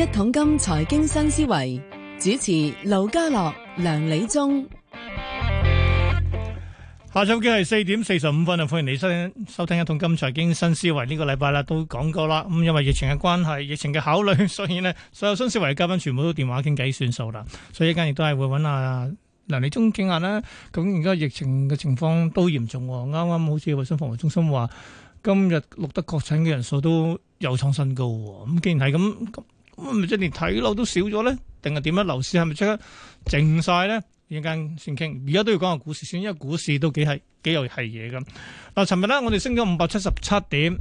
一桶金財經新思維主持劉家樂梁理中，下晝已經係四點四十五分啊！歡迎嚟收聽收聽一桶金財經新思維呢、這個禮拜啦，都講過啦。咁因為疫情嘅關係，疫情嘅考慮，所以呢所有新思維嘅嘉賓全部都電話傾偈算數啦。所以一家亦都係會揾吓梁理中傾下啦。咁而家疫情嘅情況都嚴重，啱啱好似衛生防護中心話，今日錄得確診嘅人數都有創新高。咁既然係咁。咁咪即係連睇樓都少咗咧？定係點樣？樓市係咪即刻靜晒咧？依間先傾，而家都要講下股市先，因為股市都幾係幾有係嘢咁。嗱，尋日咧我哋升咗五百七十七點，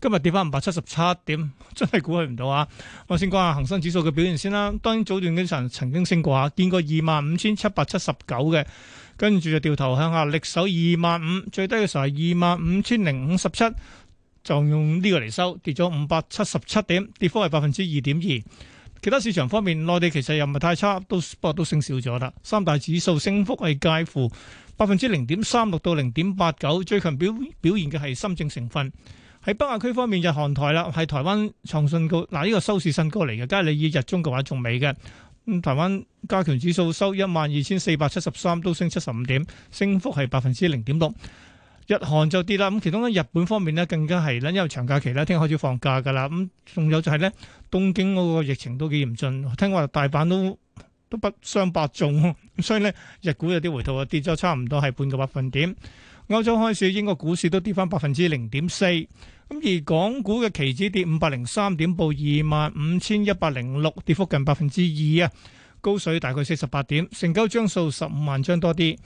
今日跌翻五百七十七點，真係估佢唔到啊！我先講下恒生指數嘅表現先啦。當然早段經常曾經升過下，見過二萬五千七百七十九嘅，跟住就掉頭向下，力守二萬五，最低嘅時候係二萬五千零五十七。就用呢個嚟收，跌咗五百七十七點，跌幅係百分之二點二。其他市場方面，內地其實又唔係太差，都不過都升少咗啦。三大指數升幅係介乎百分之零點三六到零點八九，最強表表現嘅係深證成分。喺北亞區方面，日韓台啦，係台灣創新高，嗱、這、呢個收市新高嚟嘅，梗係你以日中嘅話仲未嘅。咁台灣加權指數收一萬二千四百七十三，都升七十五點，升幅係百分之零點六。日韓就跌啦，咁其中咧日本方面咧更加係咧，因為長假期咧，聽日開始放假噶啦，咁仲有就係咧東京嗰個疫情都幾嚴峻，聽話大阪都都不相伯仲，所以咧日股有啲回頭啊，跌咗差唔多係半個百分點。歐洲開市，英國股市都跌翻百分之零點四，咁而港股嘅期指跌五百零三點，報二萬五千一百零六，跌幅近百分之二啊，高水大概四十八點，成交張數十五萬張多啲。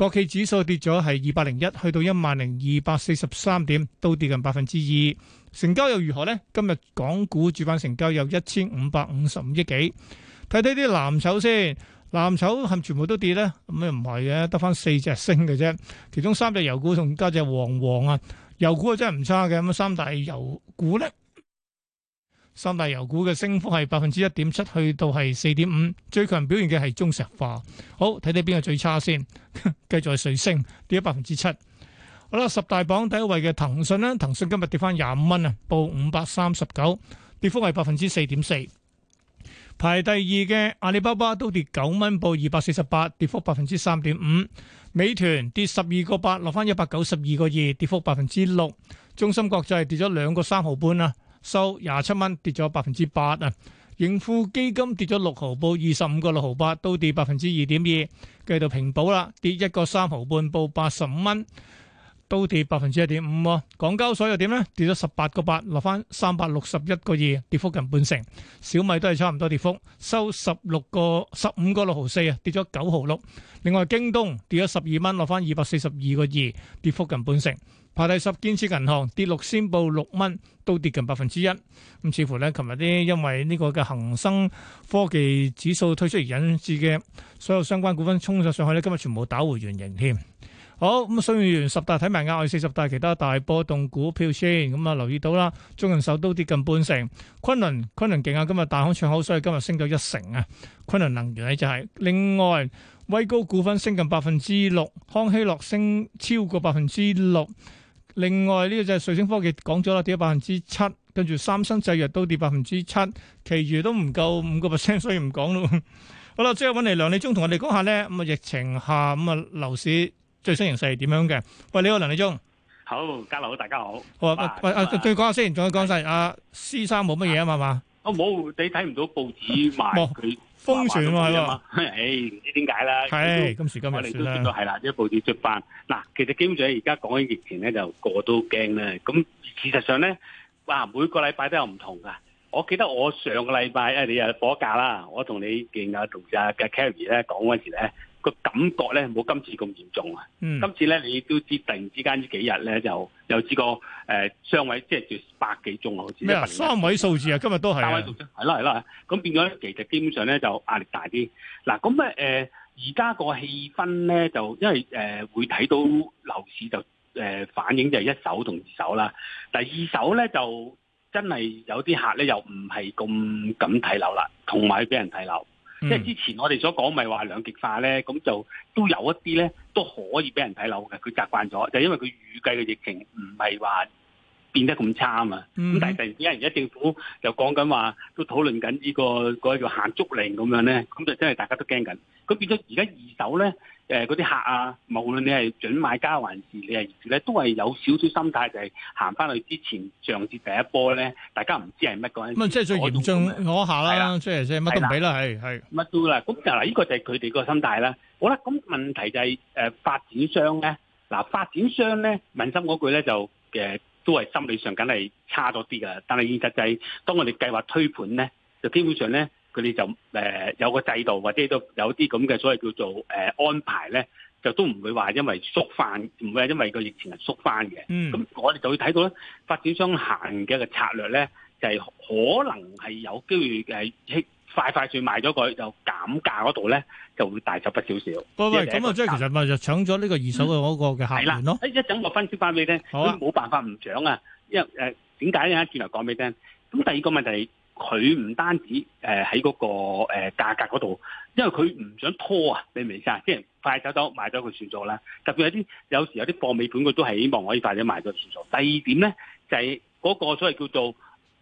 國企指數跌咗係二百零一，去到一萬零二百四十三點，都跌近百分之二。成交又如何咧？今日港股主板成交有一千五百五十五億幾。睇睇啲藍籌先，藍籌係咪全部都跌咧？咁又唔係嘅，得翻四隻升嘅啫。其中三隻油股同加隻黃黃啊，油股啊真係唔差嘅。咁三大油股咧。三大油股嘅升幅係百分之一點七，去到係四點五。最強表現嘅係中石化。好，睇睇邊個最差先。繼續係瑞聲跌咗百分之七。好啦，十大榜第一位嘅騰訊啦。騰訊今日跌翻廿五蚊啊，報五百三十九，跌幅係百分之四點四。排第二嘅阿里巴巴都跌九蚊，報二百四十八，跌幅百分之三點五。美團跌十二個八，落翻一百九十二個二，跌幅百分之六。中芯國際跌咗兩個三毫半啊。收廿七蚊，跌咗百分之八啊！盈富基金跌咗六毫，報二十五個六毫八，都跌百分之二點二，繼續平保啦，跌一個三毫半，報八十五蚊，都跌百分之一點五。港交所又點呢？跌咗十八個八，落翻三百六十一個二，跌幅近半成。小米都係差唔多跌幅，收十六個十五個六毫四啊，64，跌咗九毫六。另外京東跌咗十二蚊，落翻二百四十二個二，跌幅近半成。排第十建設銀行跌六仙，報六蚊，都跌近百分之一。咁，似乎咧，琴日啲因為呢個嘅恒生科技指數推出而引致嘅所有相關股份沖上上去咧，今日全部打回原形添。好，咁，上完十大睇埋額外四十大其他大波動股票先。咁啊，留意到啦，中銀首都跌近半成，昆侖昆侖勁啊，今日大行唱好，所以今日升咗一成啊。昆侖能源咧就係另外威高股份升近百分之六，康希諾升超過百分之六。另外呢、這個就係瑞星科技講咗啦，跌咗百分之七，跟住三生製藥都跌百分之七，其餘都唔夠五個 percent，所以唔講咯。 好啦，最後揾嚟梁理中同我哋講下咧，咁啊疫情下咁啊樓市最新形勢係點樣嘅？喂，你好，梁理中。好，家樓好，大家好。好啊，喂啊，對、啊、講下先，仲是要講晒阿、啊、C 三冇乜嘢啊嘛嘛。我冇吧、哦，你睇唔到報紙賣佢 沒。封船喎係啊嘛，誒唔知點解啦。係、啊、都今時今日算啦，係啦，一、這個、部節出班。嗱，其實基本上而家講緊疫情咧，就個個都驚咧。咁事實上咧，哇每個禮拜都有唔同噶。我記得我上個禮拜你又火假啦，我你同你見啊同啊嘅 Carrie 咧講嗰陣時咧。個感覺咧冇、嗯、今次咁嚴重啊！今次咧你都知突然之間呢幾日咧就有知個誒雙位，即係叫百幾宗啊！好似咩三位數字啊，今日都係、啊、三位數字，係啦係啦。咁變咗其實基本上咧就壓力大啲。嗱，咁咧誒，而家個氣氛咧就因為誒、呃、會睇到樓市就誒、呃、反映就係一手同二手啦。但二手咧就真係有啲客咧又唔係咁敢睇樓啦，同埋俾人睇樓。即係、嗯、之前我哋所講，咪話兩極化咧，咁就都有一啲咧，都可以俾人睇樓嘅。佢習慣咗，就係、因為佢預計嘅疫情唔係話變得咁差啊嘛。咁、嗯、但係突然之間，而家政府又講緊話，都討論緊、這、呢個叫做、嗰個、限足令咁樣咧，咁就真係大家都驚緊。佢變咗而家二手咧，誒嗰啲客啊，無論你係準買家還是你係業主咧，都係有少少心態，就係行翻去之前上次第一波咧，大家唔知係乜個。咁即係最嚴重嗰下啦，的即係即係乜都唔俾啦，係係乜都啦。咁嗱，呢個就係佢哋個心態啦。好啦，咁問題就係、是、誒、呃、發展商咧，嗱發展商咧，問心嗰句咧就嘅、呃、都係心理上梗係差咗啲噶。但係現實就係、是、當我哋計劃推盤咧，就基本上咧。佢哋就、呃、有個制度，或者都有啲咁嘅所謂叫做誒、呃、安排咧，就都唔會話因為縮翻，唔會因為個疫情係縮翻嘅。嗯，咁我哋就會睇到咧，發展商行嘅一個策略咧，就係、是、可能係有機會誒、呃、快快脆賣咗佢，就減價嗰度咧就會大手筆少少。唔咁啊，即，就即其實咪就搶咗呢個二手嘅嗰個嘅客源咯。一一整個分析翻俾你聽，佢冇、啊、辦法唔搶啊！因為誒點解咧？轉、呃、頭講俾你聽。咁第二個問題。佢唔單止誒喺嗰個誒價格嗰度，因為佢唔想拖啊，你明唔明先？即係快手走，走賣咗佢算數啦。特別有啲有時有啲貨尾盤，佢都係希望可以快啲賣咗算數。第二點咧就係、是、嗰個所謂叫做。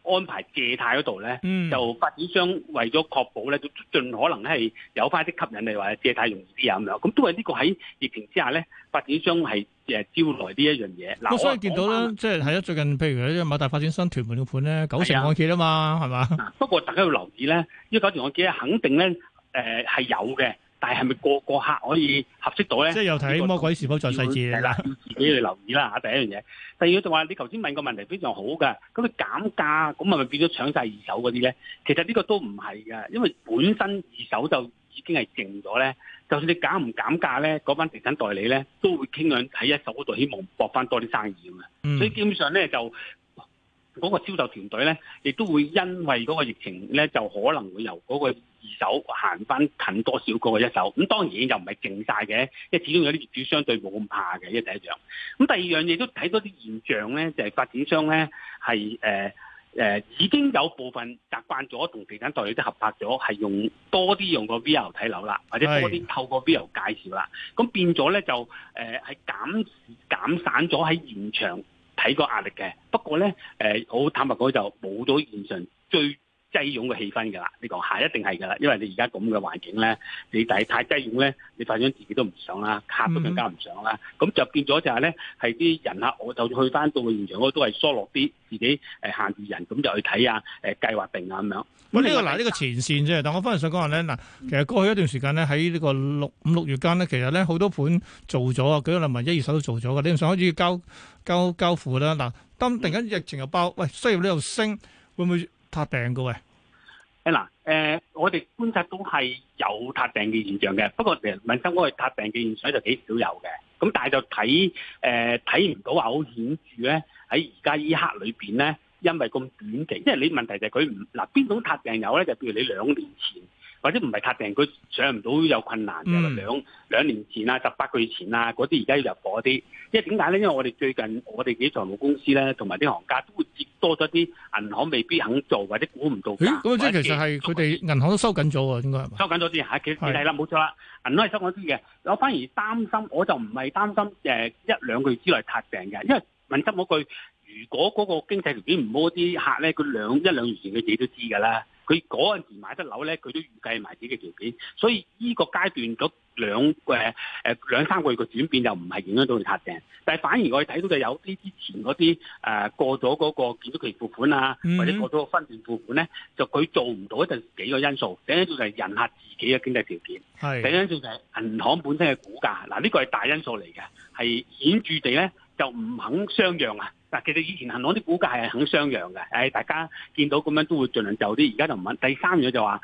安排借貸嗰度咧，就發展商為咗確保咧，就盡可能咧係有翻啲吸引力或者借貸容易啲啊咁樣，咁都係呢個喺疫情之下咧，發展商係誒招來呢一樣嘢。咁、嗯、說所以見到咧，好即係係啊最近譬如咧，馬大發展商屯門嘅盤咧九成按揭啊嘛，係嘛、啊吧啊？不過大家要留意咧，呢九成按揭肯定咧誒係有嘅。但係係咪個個客可以合適到咧？即係又睇魔鬼是否在細節啦，要自己去留意啦嚇。 第一樣嘢，第二就話你頭先問個問題非常好㗎。咁佢減價，咁係咪變咗搶晒二手嗰啲咧？其實呢個都唔係㗎，因為本身二手就已經係靜咗咧。就算你減唔減價咧，嗰班地產代理咧都會傾向喺一手嗰度，希望搏翻多啲生意㗎嘛。所以基本上咧就，嗰個銷售團隊咧，亦都會因為嗰個疫情咧，就可能會由嗰個二手行翻近多少個一手。咁當然又唔係勁晒嘅，因為始終有啲業主相對冇咁怕嘅。依個第一樣。咁第二樣嘢都睇到啲現象咧，就係、是、發展商咧係誒誒已經有部分習慣咗同地產代理都合拍咗，係用多啲用個 VR 睇樓啦，或者多啲透過 VR 介紹啦。咁的變咗咧就誒係、呃、減減散咗喺現場。睇過壓力嘅，不過咧，誒，好坦白講，就冇咗現場最擠擁嘅氣氛噶啦，你講下一定係噶啦，因為你而家咁嘅環境咧，你睇太擠擁咧，你發展自己都唔想啦，客都更加唔想啦。咁、嗯、就變咗就係咧，係啲人客我就去翻到現場我都係疏落啲自己誒、呃、限住人咁就去睇下誒計劃定啊咁樣。咁呢、這個嗱呢、嗯、個前線啫，但我反嚟想講下咧嗱，其實過去一段時間咧喺呢個六五六月間咧，其實咧好多盤做咗，舉個例一二手都做咗嘅，你唔想開始交交交付啦嗱？但突然間疫情又爆，喂，失業率又升，會唔會？撻訂嘅喂，誒嗱、欸，誒、呃，我哋觀察到係有撻訂嘅現象嘅，不過誒、呃、民生我哋撻訂嘅現象就幾少有嘅，咁、嗯、但係就睇誒睇唔到話好顯著咧。喺而家呢刻裏邊咧，因為咁短期，即係你問題就係佢唔嗱邊種撻訂有咧，就譬如你兩年前或者唔係撻訂，佢上唔到有困難嘅兩兩年前啊，十八個月前啊，嗰啲而家要入貨啲，即係點解咧？因為我哋最近我哋幾財務公司咧，同埋啲行家都會接。多咗啲銀行未必肯做，或者估唔到。咁即係其實係佢哋銀行都收緊咗喎，應該收緊咗啲其實係啦，冇是錯啦，銀行係收緊啲嘅。我反而擔心，我就唔係擔心誒、呃、一兩個月之內塌成嘅，因為問得我句，如果嗰個經濟條件唔好啲客咧，佢兩一兩月前佢自己都知㗎啦。佢嗰陣時買得樓咧，佢都預計埋自己嘅條件，所以呢個階段咗。兩誒誒兩三個月嘅轉變又唔係影響到佢撻訂，但係反而我哋睇到就有啲之前嗰啲誒過咗嗰、那個建築期付款啊，嗯、哼或者過咗個分段付款咧，就佢做唔到一定幾個因素。第一因素就係人客自己嘅經濟條件，是第一因素就係銀行本身嘅估價。嗱、這、呢個係大因素嚟嘅，係顯著地咧就唔肯相讓啊！嗱，其實以前銀行啲估價係肯相讓嘅，大家見到咁樣都會盡量就啲，而家就唔肯。第三樣就話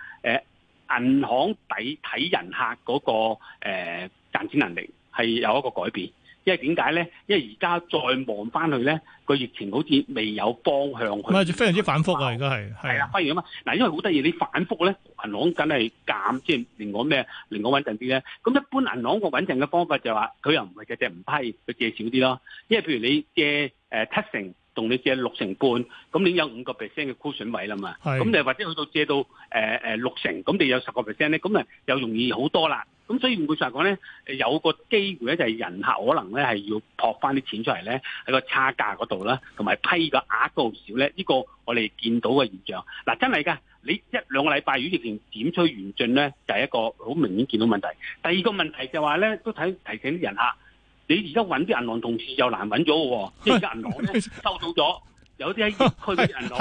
銀行底睇人客嗰、那個誒賺、呃、錢能力係有一個改變，因為點解咧？因為而家再望翻去咧，個疫情好似未有方向去，唔係非常之反覆啊！的而家係係啊，不如咁啊！嗱，因為好得意，你反覆咧，銀行梗係減，即係令我咩，令我穩陣啲咧。咁一般銀行個穩陣嘅方法就係話、是，佢又唔係只只唔批，佢借少啲咯。因為譬如你借誒、呃、七成。同你借六成半，咁你已經有五個 percent 嘅虧損位啦嘛。咁是你或者去到借到誒、呃、六成，咁你有十個 percent 咧，咁啊又容易好多啦。咁所以換句話講咧，有個機會咧就係人客可能咧係要撲翻啲錢出嚟咧喺個差價嗰度啦，同埋批個額夠少咧，呢、這個我哋見到嘅現象。嗱真係㗎，你一兩個禮拜如果疫情點催完進咧，就係、是、一個好明顯見到問題。第二個問題就話咧，都睇提醒啲人客。你而家揾啲銀行同事又難揾咗嘅，即係而家銀行咧 收到咗，有啲喺疫區啲銀行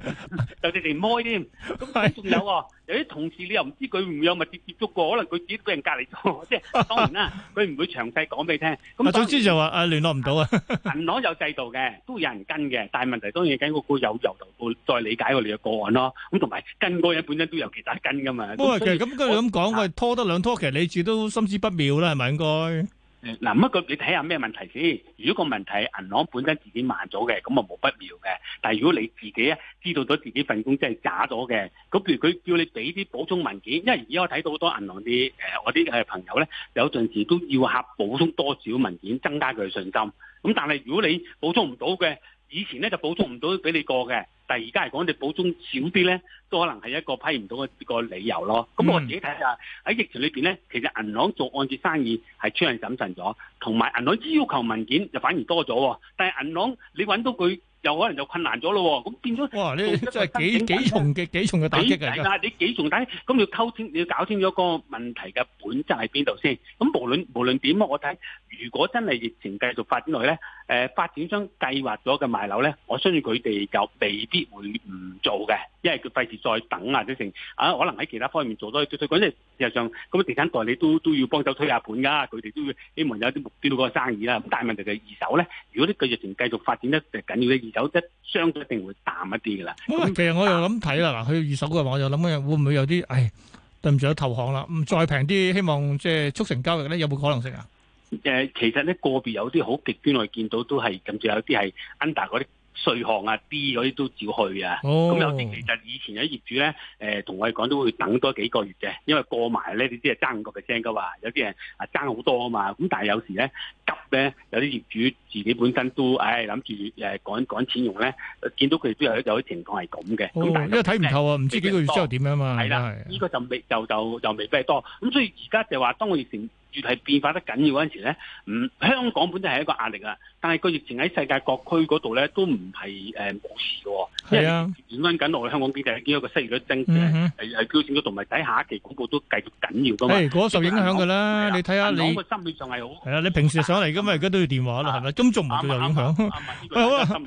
啊，啊， 就直直摸添，咁仲、啊嗯、有，有啲同事你又唔知佢唔有密切接觸過，可能佢自己俾人隔離咗。即係當然啦，佢唔會詳細講俾你聽。咁、啊、總之就話阿聯絡唔到啊！銀、啊、 行有制度嘅，都有人跟嘅，但係問題當然緊個個有由頭個再理解我哋嘅個案咯。咁同埋跟個人本身都有其他跟噶嘛。不過其實咁佢日咁講，拖得兩拖，其實你自都心思不妙啦，係咪應該？嗱，乜佢、嗯、你睇下咩問題先？如果個問題銀行本身自己慢咗嘅，咁啊冇不妙嘅。但係如果你自己啊知道咗自己份工真係假咗嘅，咁譬如佢叫你俾啲補充文件，因為而家我睇到好多銀行啲誒我啲誒朋友咧，有陣時都要客補充多少文件，增加佢嘅信心。咁但係如果你補充唔到嘅，以前咧就補充唔到俾你過嘅，但係而家係講你補充少啲咧，都可能係一個批唔到嘅個理由咯。咁、嗯、我自己睇下，喺疫情裏邊咧，其實銀行做按揭生意係趨向審慎咗，同埋銀行要求文件就反而多咗。但係銀行你揾到佢又可能就困難咗咯。咁變咗哇！呢真係幾幾重嘅幾重嘅打擊，但㗎、啊。你幾重大？咁要溝清，你要搞清楚個問題嘅本質喺邊度先。咁無論無論點我睇，如果真係疫情繼續發展落去咧。誒、呃、發展商計劃咗嘅賣樓咧，我相信佢哋就未必會唔做嘅，因為佢費事再等啊，等等啊，可能喺其他方面做多啲推。講即係事實上，咁，地產代理都都要幫手推下盤噶，佢哋都要希望有啲目標個生意啦。咁但係問題就係二手咧，如果呢個疫情繼續發展得誒緊要咧，二手即相對一定會淡一啲噶啦。咁、嗯、那其實我又諗睇啦，嗱淡，佢二手嘅話，我又諗啊，會唔會有啲誒對唔住有投降啦，唔再平啲，希望即係促成交易咧，有冇可能性啊？誒，其實咧個別有啲好極端，我見到都係甚至有啲係 under 嗰啲稅項啊，B 嗰啲都照去啊。咁、oh. 有啲其實以前有啲業主咧，誒、呃、同我哋講都會等多幾個月嘅，因為過埋咧你知啊爭五個 percent 㗎嘛，有啲人啊爭好多啊嘛。咁但係有時咧急咧，有啲業主。自己本身都，唉，諗住誒趕趕錢用咧，見到佢都有有啲情況係咁嘅，因為睇唔透啊，唔知幾個月之後點樣啊？係啦，呢個就未就就就未必多。咁所以而家就話，當我疫情越係變化得緊要嗰陣時咧，唔香港本身係一個壓力啊，但係個疫情喺世界各區嗰度咧都唔係誒冇事嘅，因為影響緊我哋香港經濟，見到個失業率增嘅，係標誌咗同埋底下一期股報都繼續緊要嘅嘛。受影響嘅啦，你睇下你心理上係好係啊！你平時上嚟嘅嘛，而家都要電話啦，係咪？咁仲唔會有影響。 好啦的，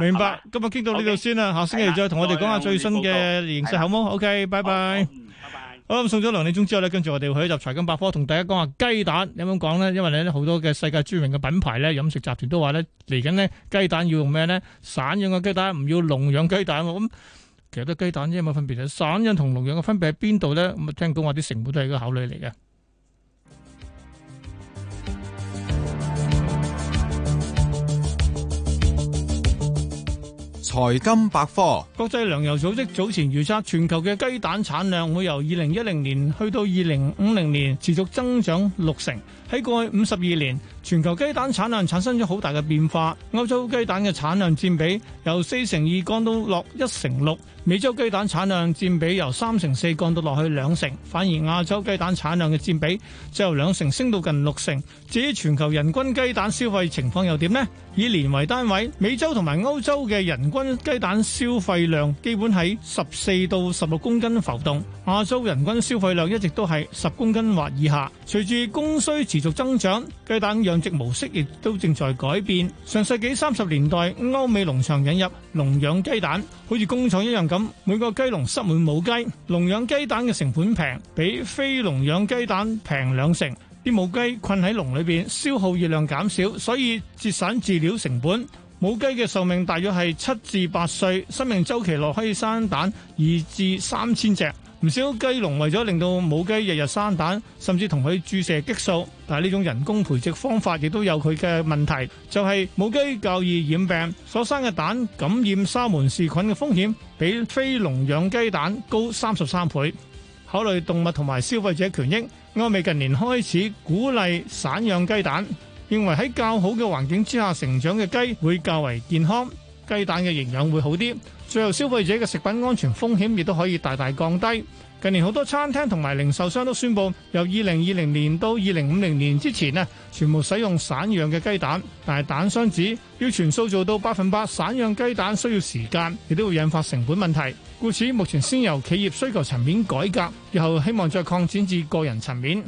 明白。tabii 今日傾到呢度先啦，好 下星期再同我哋講下最新嘅形勢好冇？OK，拜拜。拜拜。好、um, 咁，送咗兩點鐘之後咧，跟住我哋去入集財經百科，同大家講下雞蛋你有冇講咧？因為咧好多嘅世界著名嘅品牌咧飲食集團都話咧嚟緊咧雞蛋要用咩咧？散養嘅雞蛋唔要籠養雞蛋喎。咁其實都雞蛋啫，有冇分別咧？散養同籠養嘅分別喺邊度咧？咁啊，聽講話啲成本都係一個考慮嚟嘅。財金百科，國際糧油組織早前預測，全球嘅雞蛋產量會由二零一零年去到二零五零年持續增長六成，喺過去五十二年。全球雞蛋產量產生咗好大嘅變化，歐洲雞蛋嘅產量佔比由四成二降到落一成六，美洲雞蛋產量佔比由三成四降到落去兩成，反而亞洲雞蛋產量嘅佔比就由兩成升到近六成。至於全球人均雞蛋消費情況又點呢？以年為單位，美洲同埋歐洲嘅人均雞蛋消費量基本喺十四到十六公斤浮動，亞洲人均消費量一直都係十公斤或以下。隨住供需持續增長，雞蛋養養殖模式亦都正在改變。上世紀三十年代，歐美農場引入籠養雞蛋，好似工廠一樣咁，每個雞籠塞滿母雞。籠養雞蛋嘅成本平，比非籠養雞蛋平兩成。啲母雞困喺籠裏邊，消耗熱量減少，所以節省飼料成本。母雞嘅壽命大約係七至八歲，生命周期內可以生蛋二至三千隻。唔少雞農為咗令到母雞日日生蛋，甚至同佢注射激素。但係呢種人工培植方法亦都有佢嘅問題，就係母雞較易染病，所生嘅蛋感染沙門氏菌嘅風險比非籠養雞蛋高三十三倍。考慮動物同埋消費者權益，歐美近年開始鼓勵散養雞蛋，認為喺較好嘅環境之下成長嘅雞會較為健康，雞蛋嘅營養會好啲。最後消費者嘅食品安全風險亦都可以大大降低。近年好多餐廳同埋零售商都宣布，由二零二零年到二零五零年之前呢，全部使用散養嘅雞蛋。但係蛋商指要全數做到百分百散養雞蛋需要時間，亦都會引發成本問題。故此目前先由企業需求層面改革，以後希望再擴展至個人層面。